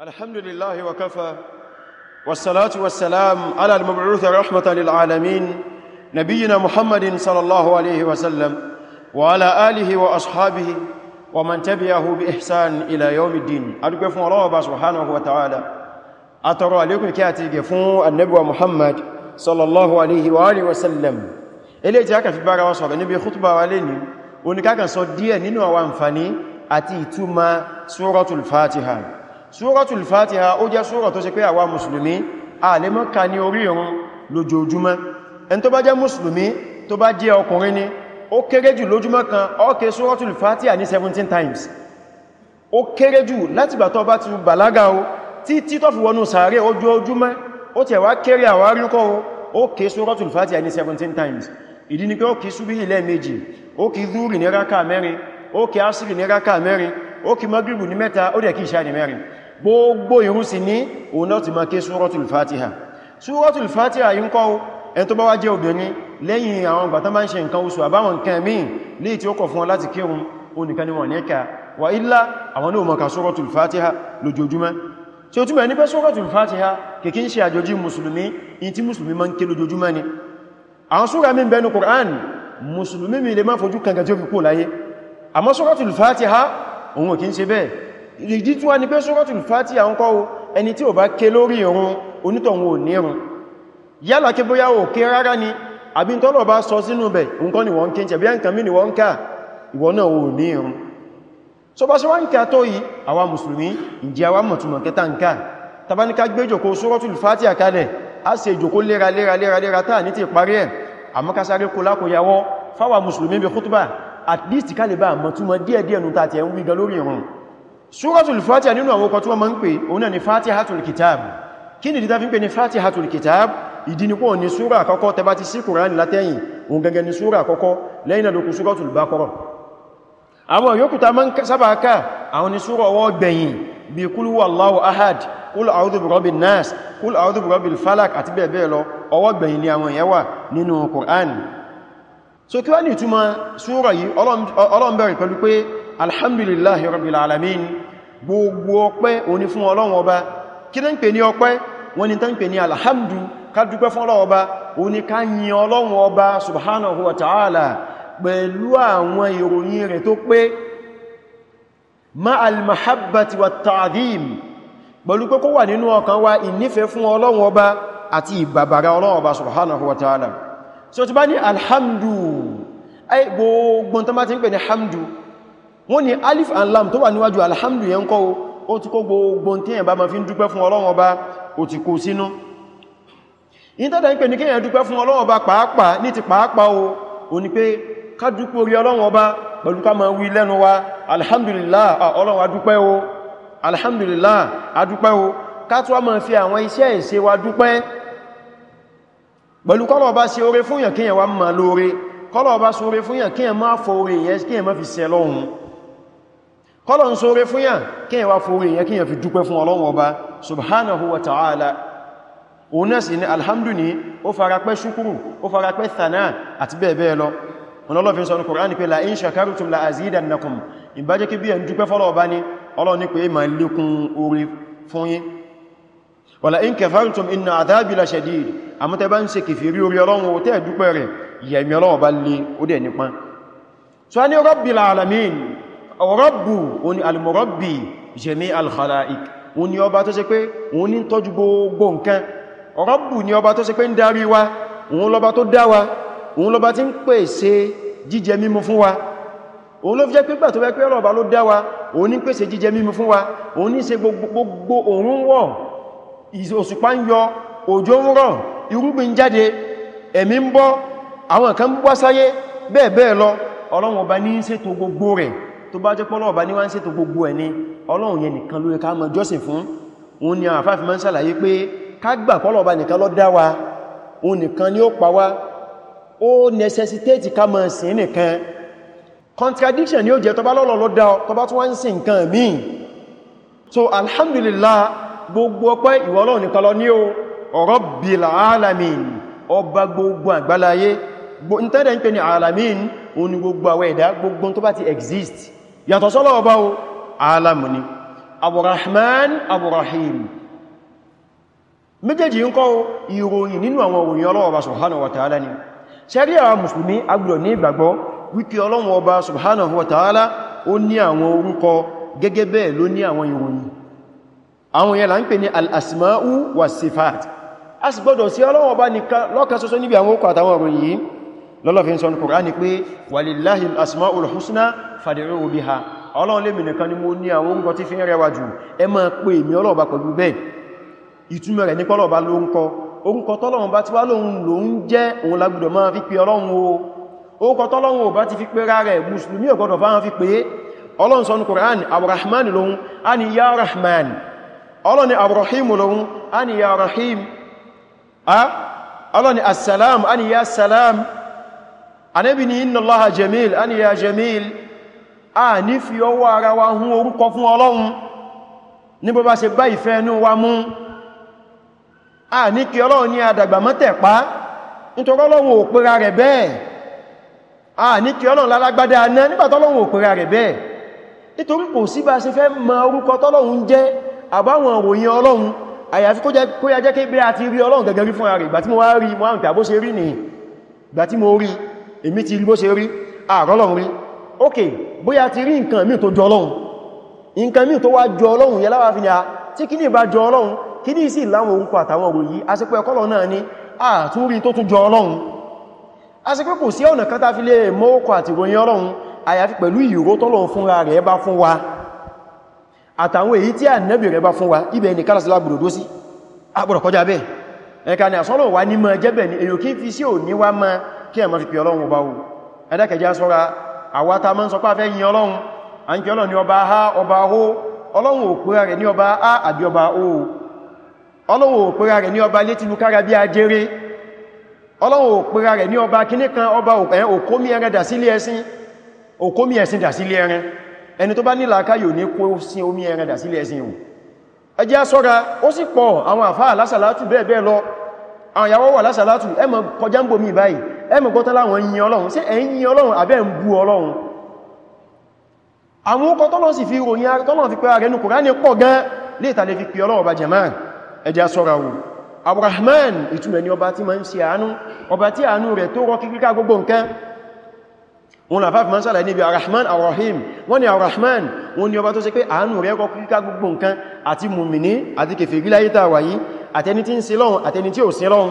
الحمد لله وكفى والصلاة والسلام على المبعوث رحمة للعالمين نبينا محمد صلى الله عليه وسلم وعلى آله وأصحابه ومن تبعه بإحسان إلى يوم الدين أدوك فون الله سبحانه وتعالى أترى لكم كاتي فون النبوة محمد صلى الله عليه وآله وسلم إليه جاك في بارا وصحبه نبي خطبة عليني ونكاك صدية ننوى وانفاني أتي توما سورة الفاتحة súratul fatiha ó jẹ́ súra tó ṣe pé àwa mùsùlùmí a lè mọ́ ka ní orí ìrun lójoojúmọ́ ẹn tó bá jẹ́ mùsùlùmí tó bá jẹ́ ọkùnrin ni ó kéré jù lójúmọ́ kan ó ké súratul fatiha ní 17 times ó kéré jù láti gbà tó bá ti bàlágà o títí tó fi wọnú sàárè ojoojúmọ́ ó tẹ̀ wá kéré àwárí kọ́ o ó ké súratul fatiha ní 17 times ìdí ni pé ó kí súbíhì lẹ́ẹ̀mejì ó kí zúrì ní rákà mẹ́rin ó kí asìrì ní rákà mẹ́rin ó kí magribu ní mẹ́ta ó dẹ̀ kí ìṣà ní mẹ́rin gbogbo ìrun sì ní òun náà ti máa ké súrọ́tùl fatiha súrọ́tùl fatiha yí ń kọ́ ẹn tó bá wá jẹ́ obìnrin lẹ́yìn àwọn ìgbà tán bá ń ṣe nǹkan oṣù àbáwọn nǹkan míì ní tí ó kọ̀ fún láti kírun onìkan ni wọ́n ní ẹ̀ka wà ilá àwọn ní súrọ́tùl fatiha ìdí tí wá ní pé suratul Fatiha ń kọ́ ẹni tí ò bá ké lórí ìrun onítọ̀hún ò ní ìrun yálà kí bóyá ò ké rárá ni àbí tọ́lọ̀ bá sọ sínú bẹ̀ nǹkan ni wọ́n ké tẹ̀bí ẹnkàn mí ni wọ́n ká ìwọ náà ò ní ìrun so bá ṣe wá ń ká tó yìí àwa mùsùlùmí ìjẹ́ àwa mọ̀túnmọ̀ kẹta ń ká tabaníká gbé jòkó suratul Fatiha kalẹ̀ a ṣe jòkó lera lera lera lera táà ní ti parí ẹ̀ àmọ́kásáré kó lákòyàwó fáwà at least ká lè bá àmọ̀túnmọ̀ díẹ̀díẹ̀ nù tàà tẹ̀ ń wí gan lórí ìrun súratul fatiha nínú àwọn ọkọ̀ tí wọ́n ma ń pè òun ni fatihatul kitab kí ni dídá fi ń pè ní fatihatul kitab ìdí ni pọ̀ ní súra àkọ́kọ́ tẹba ti sí kùránì látẹ́yìn òun gẹ́gẹ́ ni súra àkọ́kọ́ lẹ́yìn àdókù súratul baqara àwọn yòókù ta ma ń sábà ká àwọn ni súra ọwọ́ gbẹ̀yìn bí kúl wallahu ahad kúl a'udhu birabbin nas kúl a'udhu birabbil falak àti bẹ́ẹ̀ bẹ́ẹ̀ lọ so kí wá ní ìtumọ̀ súra yìí ọlọ́mbẹ̀rẹ̀ pẹ̀lú pé alhamdulillahi rabbil alamin gbogbo ọpẹ́ oní fún ọlọ́run ọba kí ní ń pè ní ọpẹ́ wọ́n ni tán pè ní alhamdu ká dúpẹ́ fún ọlọ́run ọba oní ká yin ọlọ́run ọba subhanahu wa ta'ala pẹ̀lú àwọn ìròyìn rẹ̀ tó pé ma al-mahabbati wa ta'adhim pẹ̀lú pé kó wà nínú ọkàn wa ìnífẹ́ fún ọlọ́run ọba àti ìbàbàrà ọlọ́run ọba subhanahu wa ta'ala so ti bá ní alhamdu ay gbogbo tán bá ti ń pè ní hamdu wọ́n ní alif and lam tó wà níwájú alhamdu yẹn kọ́ ó ti kó gbogbo tí èyàn bá ma fi ń dúpẹ́ fún ọlọ́run ọba ó ti kó sínú ìtọ́dá ń pè ní kíyàn dúpẹ́ fún ọlọ́run ọba pàápàá ní ti pàápàá o ní pé kọ́lọ̀ ọba ṣe oore fún yàn kíyàn má fọ oore yẹn kíyàn má fi ṣe lọ́hun kọ́lọ̀ ń sóre fún yàn kí yàn wá fóre yàn kí yàn fi dúpẹ́ fún ọlọ́run ọba subhanahu wa ta'ala òun náà sì ni alhamdu ni ó farapẹ́ ṣúkúrù ó farapẹ́ thana àti bẹ́ẹ̀ bẹ́ẹ̀ lọ ọlọ́lọ́fin sọ ní Kùránì pé la in shakartum la azidannakum ìbájẹ́ kí ń ṣe kìfìrí orí ọlọ́run ó tẹ́ rẹ̀ yẹ̀mí ọlọ́run ọba lé ó dẹ̀ nípa so a ní rabbil alamin rọ́bù oní alìmọ̀rọ́bì jẹ́mí alìkọ̀láìk o ní ọba tó ṣe pé òun ní tọ́jú gbogbo nǹkan rọ́bù ní ọba tó ṣe pé ń darí wa òun lọba tó dá wa òun lọba tí ń pèsè jíjẹ mímu fún wa òun ló fi jẹ́ pé gbà tó bẹ́ pé ọlọ́ba ló dá wa òun ní pèsè jíjẹ mímu fún wa òun ní ṣe gbogbo òun wọ̀ òṣùpá ń yọ òjò ń rọ̀ irúgbìn jáde ẹ̀mí ń bọ́ àwọn kan ń bọ́ sáyé bẹ́ẹ̀ bẹ́ẹ̀ lọ ọlọ́run ọba ní ṣètò gbogbo rẹ̀ tó bá jẹ́ pọ́lọ̀ ọba ní wá ń ṣètò gbogbo ẹ̀ ni ọlọ́run yẹn nìkan ló yẹ ká mọ jọ́sìn fún òun ni àwọn àfáàfin máa ń ṣàlàyé pé ká gbà pọ́lọ̀ ọba nìkan ló dá wa òun nìkan ni ó pa wá ó necessitate ká mọ sìn nìkan contradiction ni ó jẹ́ tó bá lọ́lọ́ ló dá ọ tó bá tún wá ń sìn nǹkan míì so alhamdulillah gbogbo ọpẹ́ ìwọ ọlọ́run nìkan ló ní o Rabbil alamin ọba gbogbo àgbáláyé ìtẹ́dẹ̀ ń pè ní alamin òun ni gbogbo àwẹ̀ ẹ̀dá gbogbo tó bá ti exist yàtọ̀ sọ́lọ̀ ọba o alamu ni aburahman aburahim méjèèjì ń kọ́ ìròyìn nínú àwọn òròyìn ọlọ́ọ̀ba subhanahu wa ta'ala ni ṣẹ́rí àwọn musulmi agbúrò ní ìgbàgbọ́ wípé ọlọ́run ọba subhanahu wa ta'ala ó ní àwọn orúkọ gẹ́gẹ́ bẹ́ẹ̀ ló ní àwọn ìròyìn àwọn yẹn ń pè ní al-asma'u wa sifat lọ́lọ́fin sọ ní Kùránì pé walillahi al-asma'ul husna fad'uhu biha ọlọ́run lémi nìkan ni mo ní àwọn orúkọ tí fi ń rẹwà jù ẹ máa pè mí ọlọ́ọ̀bá pẹ̀lú bẹ́ẹ̀ ìtumọ̀ rẹ̀ ní pọ́lọ̀bá ló ń kọ orúkọ tọ́lọ́run bá ti wá lóhun ló ń jẹ́ òun lágbùdọ̀ máa fi pè ọlọ́run o orúkọ tọ́lọ́run ò bá ti fi anẹ́bì ni inna Allaha jamil a ni ya jamil a ní fi ọwọ́ ara wa hún orúkọ fún ọlọ́run ní bó bá ṣe bá ìfẹ́ inú wa mú a ní kí ọlọ́run ní àdàgbà mọ́tẹ̀pá nítorí ọlọ́run ò pera rẹ̀ bẹ́ẹ̀ a ní kí ọlọ́run lálágbádá aná nígbàtí ọlọ́run ò pera rẹ̀ bẹ́ẹ̀ nítorí kò sí bá ṣe èmi ti rí bó ṣe rí àrọ́lọ́run rí ok bóyá ti rí nǹkan míì tó jọ ọlọ́run nǹkan míì tó wá jọ ọlọ́run yẹ láwá fi ya tí kí ní bá jọ ọlọ́run kí ní sí láwọn orúkọ àtàwọn ọ̀rọ̀ yìí asípẹ́ ọkọ́lọ̀ náà ni àtúrí tó tún jọ ọlọ́run asípẹ́ kò sí ọ̀nà kátà fi lè mọ́ ọkọ̀ àti ìròyìn ọlọ́run àyàfi pẹ̀lú ìró tọ́lọ́run fúnra rẹ̀ bá fún wa àtàwọn èyí tí ànẹ́bì rẹ̀ bá fún wa ibẹ̀ ní kálàsílá sí agbọ̀rọ̀ kọjá ni àsọ́lọ̀ ní mọ́ jẹ́bẹ̀ ni èyò kí fi sí ò ní máa kí ẹ ma fi pè ọlọ́run ọba wò ẹ̀dẹ́kẹjá sọ́ra àwátá mọ́ ń sọ pàfẹ́ yìn ọlọ́run a ń kí ọlọ́run ní ọba ha ọba ho ọlọ́run ò pèrà rẹ̀ ní ọba a àbí ọba o ọlọ́run ò pèrà rẹ̀ ní ọba létílukára bí ajere ọlọ́run ò pèrà rẹ̀ ní ọba kíní kan ọba òkómi ẹran àwọn ìyàwó wà lásàlátù ẹ kọjá ń bòmí báyìí ẹmù gbọ́tọ́ láwọn yin ọlọ́run ṣé ẹ̀ ń yin ọlọ́run àbẹ́ ń bú ọlọ́run àwọn ọkọ̀ tọ́lọ́ sì fi ròyìn ara tọ́lọ́ fi pẹ́ ara ẹnu kùránì pọ̀ gan léètà lè fi pẹ́ ọlọ́run ọba jẹ̀máà ẹjá sọ́ra wò abrahman ìtumẹ̀ ni ọba tí ma ń ṣe àánú ọba tí àánú rẹ̀ tó rọ kíkíká gbogbo nǹkan wọn làfá fi mọ́sàlá níbi arahman arahim wọ́n ni arahman wọ́n ni ọba tó ṣe pé àánú rẹ̀ rọ kíkíká gbogbo nǹkan àti mùmìní àti kèfèrí láyé tàwà yìí àtẹni tí ń ṣe lọ́hun àtẹni tí ò ṣe lọ́hun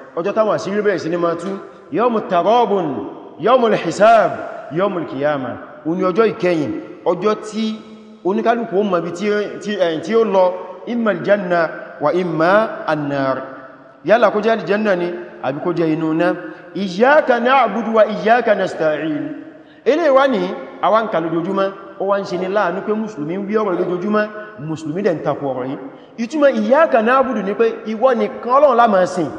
ọjọ́ táwọn àṣírí bẹ̀rẹ̀ sí ní máa tú yọ́mù tarọ́bùn yọ́mù hisab yọ́mù kìyàmà o ní ọjọ́ ìkẹyìn ọjọ́ tí oníkálùkù ó mọ̀bí tí ó lọ imma janna wa imma annar yálà kó jẹ́ aljanna ni àbí kó jẹ́ inú ná iyyaka na'budu wa iyyaka nasta'in ilé wá ní àwọn kan lójoojúmọ́ ó wá ń ṣe ní láàánú pé mùsùlùmí wí ọ̀rọ̀ lójoojúmọ́ mùsùlùmí dẹ̀ ń takò ọ̀rọ̀ yìí ìtumọ̀ iyyaka na'budu ni pé ìwọ nìkan Ọlọ́run la sìn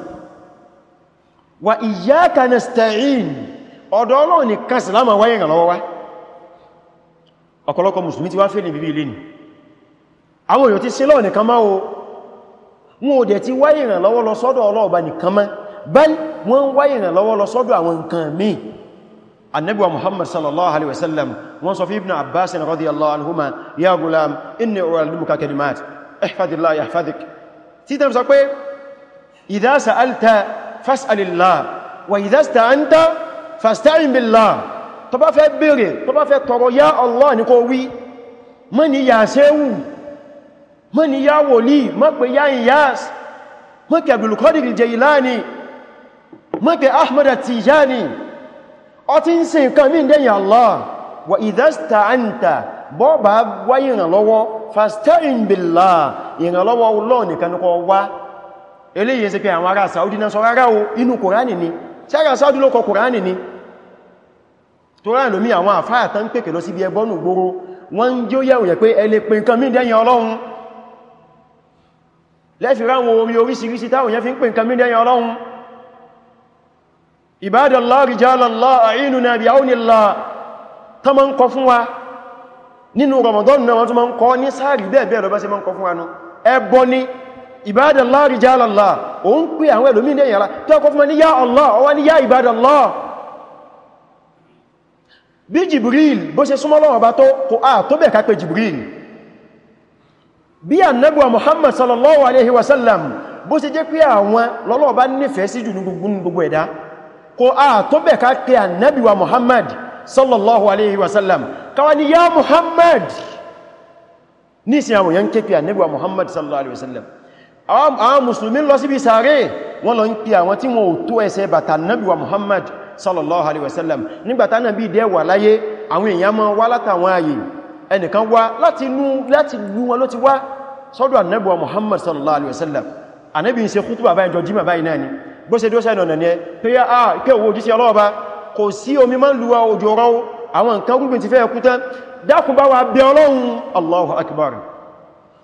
wa iyyaka nasta'in ọ̀dọ̀ Ọlọ́run nìkan sílámà wáyé ìrànlọ́wọ́ wá ọ̀pọ̀lọpọ̀ mùsùlùmí ti wá fẹ́ ní bíbí ilé ni àwọn èèyàn ti sí lọ́ọ̀ nìkan máa o wọn ò dẹ̀ ti wáyé ìrànlọ́wọ́ lọ sọ́dọ̀ ọlọ́ọ̀bá wọ́n sọ fi ibn abbas radiyallahu anhuma ya gulam inni uallimuka kalimat ihfadillah yahfadik ti tam sọ pé idha sa'alta fas'alillah wa idha ista'anta fasta'in billah tó bá fẹ́ bèèrè tó bá fẹ́ tọrọ ya Allah ní kó wí mọ́ ni ya sẹ́wù mọ́ ni ya wòlí mọ́ pé ya Iyas mọ́ pé Abdul Qadir al-Jailani mọ́ eléyìí ṣe pé àwọn ará Saudi náà sọ rárá o inú Kùránì ni ṣé ará Saudi ló kọ Kùránì ni tó rán lómi àwọn àfáà tán pèkè lọ síbi ẹgbọ́nù gbóró wọ́n ń jí ó yẹ̀wò yẹ̀ pé ẹ lè pè nǹkan mí dẹ́yìn Ọlọ́run lẹ́fì ráwọn orí oríṣiríṣi táwọn yẹn ìbádàlá rìjálàlá o ń pè àwọn ẹlòmí ní ẹ̀yàrá tó ọkọ̀ fún ní yá Allah ọwá ní yá ìbádàlá bí Jibril bó ṣe súnmọ́ lọ́wọ́ bá tó kò á tó bẹ̀ ká pé Jibril bí annabuwa Muhammad sallallahu alaihi wasallam bó ṣe jẹ́ pé àwọn lọ́lọ́wọ́ bá nífẹ̀ẹ́ sí jù ní gbogbo ẹ̀dá kò á tó bẹ̀ ká pé annabuwa Muhammad sallallahu alaihi wasallam àwọn musulmi lọ síbi sàárè wọ́n lọ ń pè àwọn tí wọ́n ò tó ẹsẹ̀ bàtà nábi muhammad sallallahu alaihi wasallam nígbàtà nábi dẹ̀ wà láyé àwọn èèyàn máa wá látàwọn ààyè ẹnìkan wá láti lú wọn ló ti wá sọ́dọ̀ annabi wa muhammad sallallahu alaihi wasallam annabi ń ṣe kútùbà báyìí jọ jímà báyìí náà ni bó ṣe dóṣẹ́ nọ̀nà ni pé yá à ah, kẹwọ́ ojú sí ọlọ́ọ̀bá kò sí omi máa ń luwa òjò rọ́ àwọn nǹkan gúgbìn ti fẹ́ ẹkútán dákùn bá wa bẹ ọlọ́run allahu akbar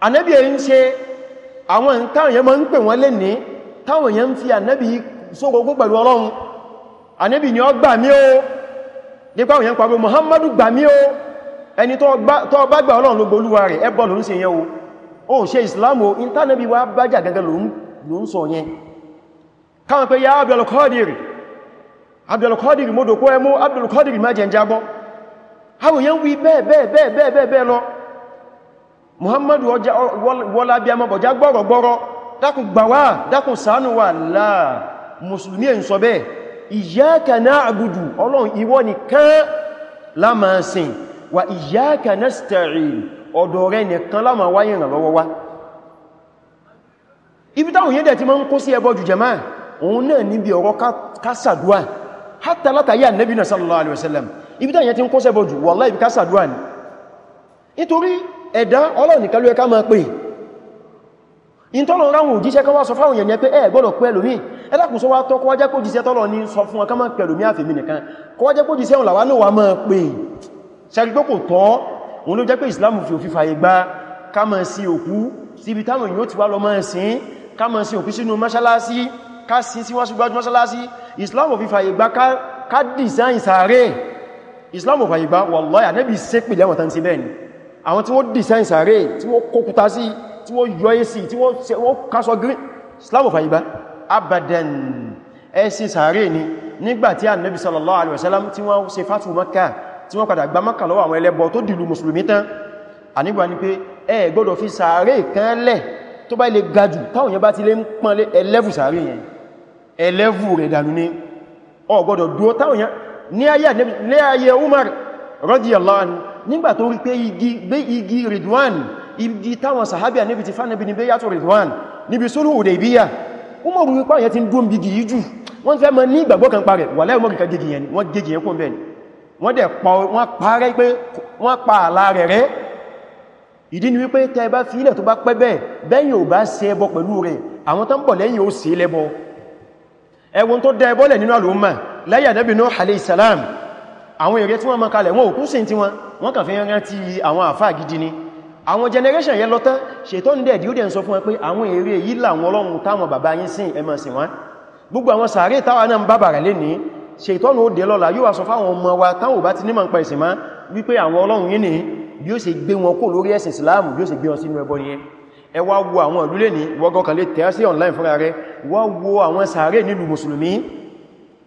ànábì èyí ń ṣe àwọn nǹkan yẹn máa ń pè wọ́n lè ní táwọn yẹn ń fi ànábì sókogó pẹ̀lú ọlọ́run ànábì ni ó gbà mí o nípa àwọn yẹn pàbí Muhammadu gbà mí o ẹni tó bá gbà ọlọ́run ló gbolúwa rẹ̀ ẹbọ ló ń ṣe yẹn o ó ṣe Islam o intanabi wa bájà gẹ́gẹ́ ló ń sọ yẹn káwọn pé ya Abdulkadir Abdulkadir mo dòkó ẹmú Abdulkadir má jẹ ń jábọ́ àwọn yẹn wí bẹ́ẹ̀ bẹ́ẹ̀ bẹ́ẹ̀ muhammadu ọjà wọ́lá bí a mọ́bọ̀ já gbọ́rọ̀gbọ́rọ̀ dákùn gbàwà dákùn ṣàánú wa láà musulmi ń sọ bẹ́ẹ̀ iyyaka na'budu ọlọ́run ìwọ nìkan la máa sìn wa iyyaka nasta'in ọ̀dọ̀ rẹ nìkan la máa wá ìrànlọ́wọ́ wá ibi táwọn yẹ́dẹ̀ ti máa ń kó sí ẹbọ jù jẹma òun náà níbi ọ̀rọ̀ kásàdúwà nítorí ẹ̀dá Ọlọ́run nìkan ló yẹ ká máa pè in tọ́lọ̀ ráhùn òjíṣẹ́ kan wá sọ fáwọn èèyàn pé ẹ gbọ́dọ̀ pẹ́ lómi ẹlẹ́kùn sọ wá tọ́ kọwá jẹ́ pójíṣẹ́ tọ́lọ̀ ní sọ fún ọkà máa pẹ̀ lómi àfèmì nìkan kọwá jẹ́ pójíṣẹ́ òun làwá náà wá máa pè ṣẹ́gbẹ́kò tọ́ òun ló jẹ́ pé Islam fi òfin fàyè gba ká máa sí òkú síbi táwọn èèyàn ti wá lọ máa sìn ká máa sí òkú sínú mọ́ṣálásí ká sin sí wáṣú gbájú mọ́ṣálásí Islam ò fi fàyè gba ká dìsáìn sàárè Islam ò fàyè gba wallahi ànẹ́bì sépìlẹ̀ wọ̀n tán ti bẹ́ẹ̀ ni àwọn tí wọ́n design sàárè tí wọ́n kókúta sí tí wọ́n yọ èsì tí wọ́n kásọ green islam of àyíbá abadan ẹ̀sìn sàárè ni nígbàtí annabi sallallahu alaihi wasallam tí wọ́n ṣe fatu maka tí wọ́n padà gba maka lọ́wọ́ àwọn ẹlẹ́bọ tó dìlú musulmi tán ànígbà ni pé ẹ gbọ́dọ̀ fi sàárè kan lẹ̀ tó bá ilé gajù táwọn yẹn bá ti lé ń pọ́n lé ẹlẹ́fù sàárè yẹn ẹlẹ́fù rẹ̀ dànù ni ọ gbọ́dọ̀ dúó táwọn yẹn ní ayé Umar radiyallahu anhu nígbà tó rí pé igi ridwan igi táwọn sahabi Ànábì ti fánàbí ní bayatu ridwan níbi sulhu Hudaybiyah Umaru wípá yẹn ti ń dún bí gìí jù wọ́n fẹ́ mọ́ ní ìgbàgbọ́ kan parẹ̀ wà láì mọ́rùn ni wọ́n dẹ̀ parẹ́ pé wọ́n pa àlà rẹ̀ rẹ́ ìdí ni wípé tẹ́ bá fi ilẹ̀ tó bá pẹ́ bẹ́ẹ̀ bẹ́yìn ò bá ṣe ẹbọ pẹ̀lú rẹ̀ àwọn tán bọ̀ lẹ́yìn ó salam àwọn èrè tí wọ́n mọ́ kalẹ̀ wọn ò kún sí tí wọ́n wọ́n kàn fi rántí àwọn àfáà gidi ni àwọn generation yẹn lọ́tán ṣètò ní dẹ̀dí ó dẹ̀ ń sọ fún wọn pé àwọn èrè yìí làwọn ọlọ́run táwọn bàbá yín sìn ẹ máa sìn wọ́n gbogbo àwọn sàárè táwa náà ń bá bàrà lénìí ṣètò ní ó dé lọ́la yóò wá sọ fáwọn ọmọ wa táwọn bá ti ní màá pa ìsìn má wípé àwọn ọlọ́run yìí ni bí ó ṣe gbé wọn kó lórí ẹ̀sìn Islam bí ó ṣe gbé wọn sínú ẹbọ nìyẹn ẹ wá wo àwọn ìlú lénìí wọ́gọ́ kan lè tẹ́ sí online fúnra rẹ̀ wá wo àwọn sàárè nílùú mùsùlùmí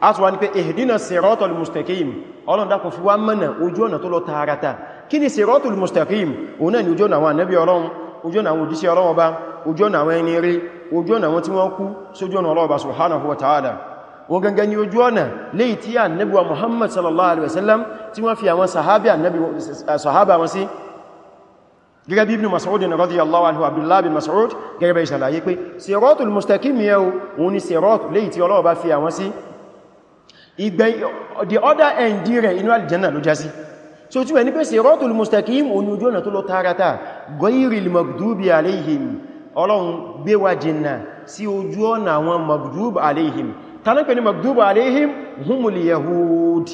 asùwà ní pé ihdina siratal mustaqim ọlọ́n dákùn fi wá mọ́nà ojú ọ̀nà tó lọ tààràtà kí ni siratal mustaqim òun náà ni ojú ọ̀nà àwọn ànábì ọlọ́run ojú ọ̀nà gẹ́gẹ́ bí ibn mas'ud radiyallahu anhu abdullah bin mas'ud gẹ́gẹ́ bẹ́ ìṣàlàyé pé siratul mustaqim yẹ́ òun ni sirat léyìí tí ọlọ́run ọba fi àwọn sí ìgbẹ́ the other end rẹ̀ inú aljanna ló jásí so tí wẹ̀ ní pé siratul mustaqim òní ojú ọ̀nà tó lọ tààràtà ghayril magdubi alayhim ọlọ́run gbéwà jìnnà sí ojú ọ̀nà àwọn magdubi alayhim tánàpẹ̀ ni magdubi alayhim humul yahud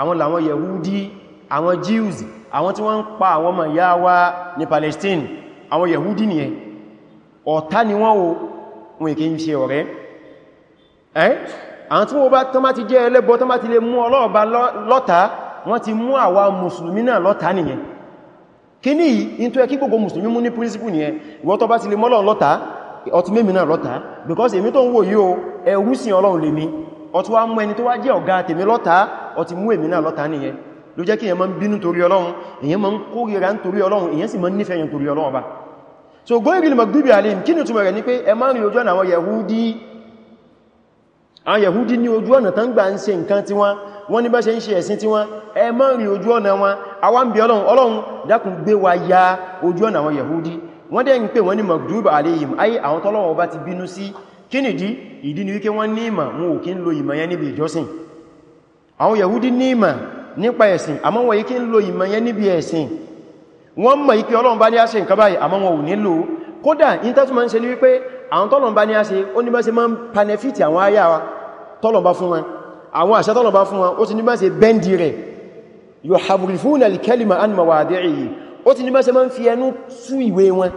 àwọn làwọn yahudi àwọn jews àwọn tí wọ́n ń pa àwọn ọmọ ìyá wa ní palestine àwọn yahudi nìyẹn ọ̀tá ni wọ́n o wọn èkè ń ṣe ọ̀rẹ́ eh àwọn tí wọ́n bá tán bá ti jẹ́ ẹlẹ́bọ tán bá ti lè mú ọlọ́ọ̀bá lọ́ta wọ́n ti mú àwa mùsùlùmí náà lọ́ta nìyẹn kí ní yìí tó yẹ kí gbogbo mùsùlùmí mú ní príncipù nìyẹn ìwọ́n tó bá ti lè mú Ọlọ́run lọ́ta ọtúnmẹ́mì náà lọ́ta because èmi tó ń wò yí o ẹrú sí Ọlọ́run lè ọtí mú lọ́ta magdubi alim kí ni túnmọ̀ rẹ̀ ní Yahudi àwọn yahudi ní ojú ọ̀nà tán gbà ń ṣe nǹkan tí wọ́n wọ́n ní bá ṣe ń ṣe ẹ̀sìn tí wọ́n ẹ má rí ojú ọ̀nà wọn àwa ń bi ọlọ́run ọlọ́run dákun gbé wa ya ojú ọ̀nà àwọn yahudi wọ́n dẹ̀ ń pè wọ́n ní magdub alayhim ayé àwọn tọ́lọ́wọ́ ọba ti bínú sí kí nìdí ìdí ni wípé wọ́n ní ìmọ̀ wọn ò kí ń lo ìmọ̀ yẹn níbi ìjọsìn àwọn yahudi ní ìmọ̀ nípa ẹ̀sìn àmọ́ wọ́n yìí kí ń lo ìmọ̀ yẹn níbi ẹ̀sìn wọ́n mọ̀ yìí pé ọlọ́run bá ní àṣẹ nǹkan báyìí àmọ́ wọn ò nílò kódà ìntẹ́tùmọ̀ ń ṣe ní wípé àwọn tọ́lọ́run bá ní àṣẹ ó ní bá ṣe máa ń panẹ́fìtì àwọn ayá wa tọ́lọ̀bá fún wọn àwọn àṣẹ tọ́lọ̀bá fún wọn ó ti ní bá ṣe bẹ́ndì rẹ̀ yuharrifuna al-kalima an mawadi'ihi ó ti ní bá ṣe máa ń fi ẹnu tú ìwé wọn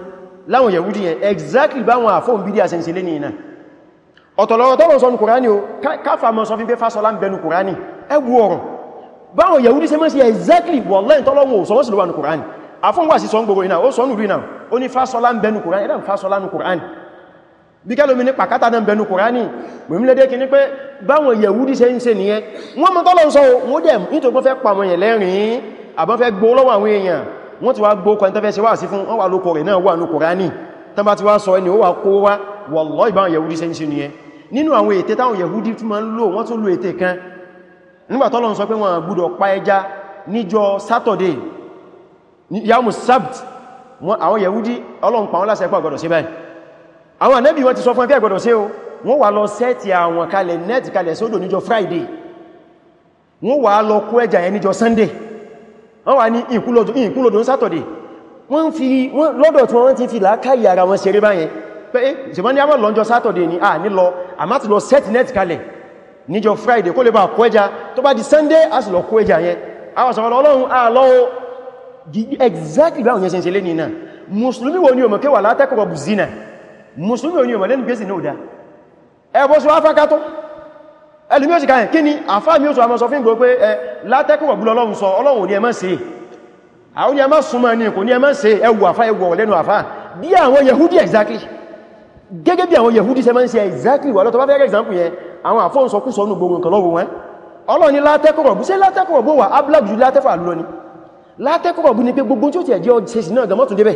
láwọn yẹ̀wúdí yẹn exactly báwọn àfóhùn bídí àṣẹ́ǹsẹ̀ lé ní iná ọ̀tọ̀lọ́rọ̀ tọ́lọ̀ sọ ní kùránì o káfà mọ́ sọ fí pé fásọlá ń bẹnu kùránì ẹgbù ọ̀rọ̀ báwọn yẹ̀wúdí ṣe mọ́ sí exactly wallahi tọ́lọ́wọ̀ sọ wọ́n sì lọ́wọ́ ní kùránì àfóhùn wà sí sọ ń gbogbo iná ó sọ nù rí náà ó ní fásọlá ń bẹnu kùránì bí kẹ́lómi ní pàkátà náà bẹnu kùránì mọ̀mílẹ́dẹ́ kì ní pé báwọn yẹ̀wúdí ṣe ń ṣe nìyẹn wọ́n mọ́ tọ́lọ́ sọ wọ́n dẹ̀ nítorí pé fẹ́ pàwọn èèyàn lẹ́rìn-ín àbọ́n fẹ́ gbó lọ́wọ́ àwọn èèyàn wọ́n ti wá gbó kan tẹ́fẹ́ ṣe wá sí fún wọ́n wà lókò rẹ̀ náà wà ní kùránì tán bá ti wá sọ ẹni ó wà kó wá wọ̀lọ́ ìbáwọn yẹ̀wúdí ṣe ń ṣe nìyẹn nínú àwọn ète táwọn yẹ̀wúdí tún máa ń lò wọ́n tún lo ète kan nígbà tọ́lọ́ sọ pé wọ́n gbúdọ̀ pa ẹja níjọ́ Saturday yàmù Sabt àwọn yẹ̀wúdí Ọlọ́run àwọn ànábì wọ́n ti sọ fún ẹgbẹ́ ẹgbọ́dọ̀ sí o wọ́n wà lọ sẹ́ẹ̀tì àwọn kalẹ̀ nẹ́ẹ̀tì kalẹ̀ sódò níjọ friday wọ́n wà lọ kó ẹja yẹn níjọ sunday wọ́n wà ní ìkúlòdó saturday wọ́n fi lọ́dọ̀ tí wọ́n ti fi làákàyè ara wọn ṣeré báyẹn pé ṣùgbọ́n ní ni a nílọ àmá ti lọ sẹ́ẹ̀tì friday kó lè bá sunday a sì lọ kó exactly báwọn yẹn ṣe ń ṣe lé nìyàn látẹ́kọ̀ọ́ bù musulmi oyin ìwọ̀lẹ́ni gbèsè si òdá ẹbọ́ sí wá fákátó ẹlùmí ó sì kini kí ni àfáàmí ó sọ àmọ́ sọ fún ìgbò pé ẹ látẹ́kùnwọ̀ gúlọ ọlọ́run sọ ọlọ́run ní ẹmọ́ sí àwọn ní ẹmọ́ súnmọ́ ní kò ní ẹmọ́ sí ẹwù àfá ẹwù ọ̀lẹ́nu àfá bí àwọn yehudi exactly Gege bí àwọn yehudi ṣe máa ń ṣe exactly wà lọ́tọ́ bá fẹ́ example yẹn àwọn àfọ́n sọ kú sọ nù gbogbo nǹkan lọ́wọ́ wọn ọlọ́run ní látẹ́kùnwọ̀ bú sí látẹ́kùnwọ̀ bó wà abúlágbù látẹ́fà lọ ni látẹ́kùnwọ̀ bú ni pé gbogbo tí ó ti ẹ̀jẹ́ ọjẹ́ sí náà gamọ́tún débẹ̀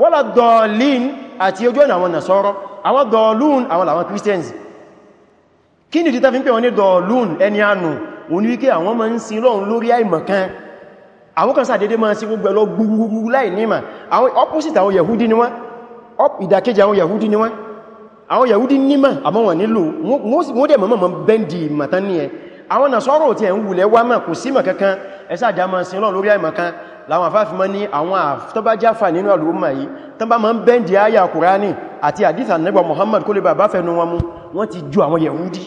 wọ́la dọ̀ọ̀lín àti ojú ọ̀nà àwọn nàṣọ́rọ̀ àwọn dọ̀ọ̀lún àwọn làwọn christians kí ni títà fi ń pè wọ́n ní dọ̀ọ̀lún ẹni ànù òní wíké àwọn ma ń sin lọ́run lórí àìmọ̀kan àwọn kan sàdédé ma yahudi ni wọ́n ìdàkejì àwọn yahudi ni yahudi níma àmọ́ wọn nílò wọ́n dẹ̀ mọ́mọ́ bẹ́ndì ìmọ̀tán ní ẹ àwọn nàṣọ́rọ̀ tí ẹ̀ ń wulẹ̀ wá mà kò sí mọ̀ kankan sin lọ́run lórí láwọn àfáàfí mọ́ ní àwọn àtọ́bájáfà nínú àlúmà yìí tán bá mọ́ ń bẹ́ndì ayà kùránì àti àdísà nẹ́gbà Muhammad kó lè bàbá fẹ́nu wọn mú wọ́n ti ju àwọn Yẹ̀húdí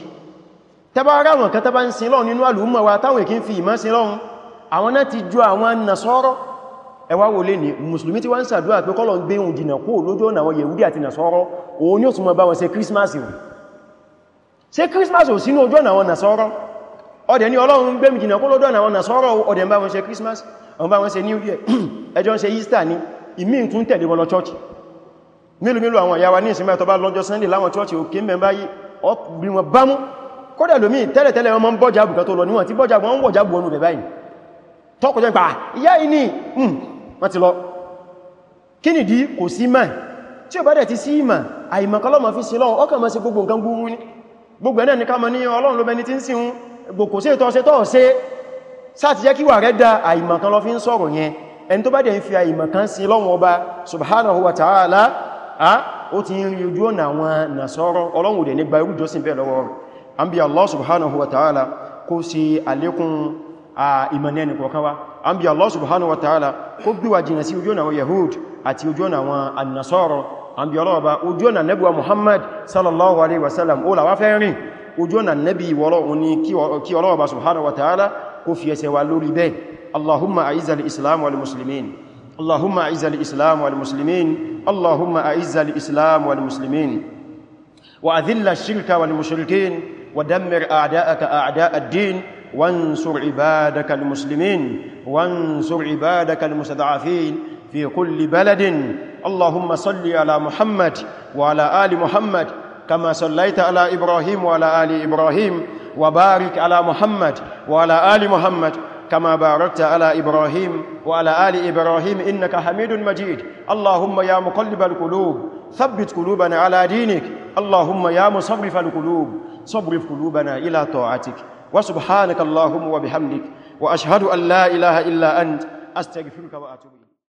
tẹ́bá ara wọn kan tẹ́bá ń sin lọ́n nínú àlúmà wa táwọn èkín fi ìmọ́ sin lọ́n àwọn náà ti ju àwọn nasọ́rọ́ ẹwà wo lè ní mùsùlùmí tí wọ́n ni Christmas ò Christmas ò sínú ojú ọ̀nà àwọn nasọ́rọ́ ọdẹ ni Ọlọ́run gbé mi jìnà kó lójú ọ̀nà àwọn nasọ́rọ́ ọdẹ ń bá wọn ṣe Christmas àwọn bá wọn ṣe new year ẹjọ́ ń ṣe easter ní ìmí tún tẹ̀lé wọn lọ chọ́ọ̀chì mélòó mélòó àwọn ìyàwó ní ìsinmi ẹ̀tọ́ bá lọ́jọ́ sunday láwọn chọ́ọ̀chì òkè mẹ́mbá yí ọkùnrin wọn bá mú kódà lómi tẹ́lẹ̀tẹ́lẹ̀ wọn máa ń bọ́jàbù kan tó lọ níwọ̀n tí bọ́jàbù wọn ń wọ̀jàbù ọnù bẹ̀ báyìí hmm, ti lọ kí nìdí kò fi sí lọ́wọ́ ọkà máa ṣe gbogbo nǹkan gbúrú ní gbogbo ẹ̀nà ní ká ní ọlọ́run ló bẹni tí ń sí gbogbo sí ìtọ́ sí tọ́ sí sáàtì jẹ́ kí wà rẹ̀ dá àìmọ̀kan lọ fi ń sọ̀rọ̀ yẹn ẹni tó bá dẹ̀ ń fi àìmọ̀kan sí lọ́wọ́n ọba subhanahu wa ta'ala a ó ti ń rí ojú ọ̀nà àwọn nàṣọ́rọ̀ ọlọ́run dẹ̀ nígbà irújọsìn bẹ́ẹ̀ lọ́wọ́ rẹ̀ an bí Allah subhanahu wa ta'ala kó ṣe àlékún ìmọ̀nẹ́ni kọ̀ọ̀kan wa an bí Allah subhanahu wa ta'ala kó gbé wa jìnà sí ojú ọ̀nà àwọn yahud àti ìwọ̀lọ́ òní kí ọlọ́ọ̀bá subhanahu wa ta'ala kó fi ẹsẹ̀ wa lórí bẹ́ẹ̀ allahumma a'izzal islam wal muslimin allahumma a'izzal islam wal muslimin allahumma a'izzal islam wal muslimin wa adhilla shirka wal mushrikin wa dammir a'da'aka a'da' ad-din وانصر عبادك المسلمين وانصر عبادك المستضعفين في كل بلد اللهم صل على محمد وعلى آل محمد كما صليت على إبراهيم وعلى آل إبراهيم وبارك على محمد وعلى آل محمد كما باركت على إبراهيم وعلى آل إبراهيم إنك حميد مجيد اللهم يا مقلب القلوب ثبت قلوبنا على دينك اللهم يا مصرف القلوب صرف قلوبنا إلى طاعتك وسبحانك اللهم وبحمدك وأشهد أن لا إله إلا أنت أستغفرك وأتوب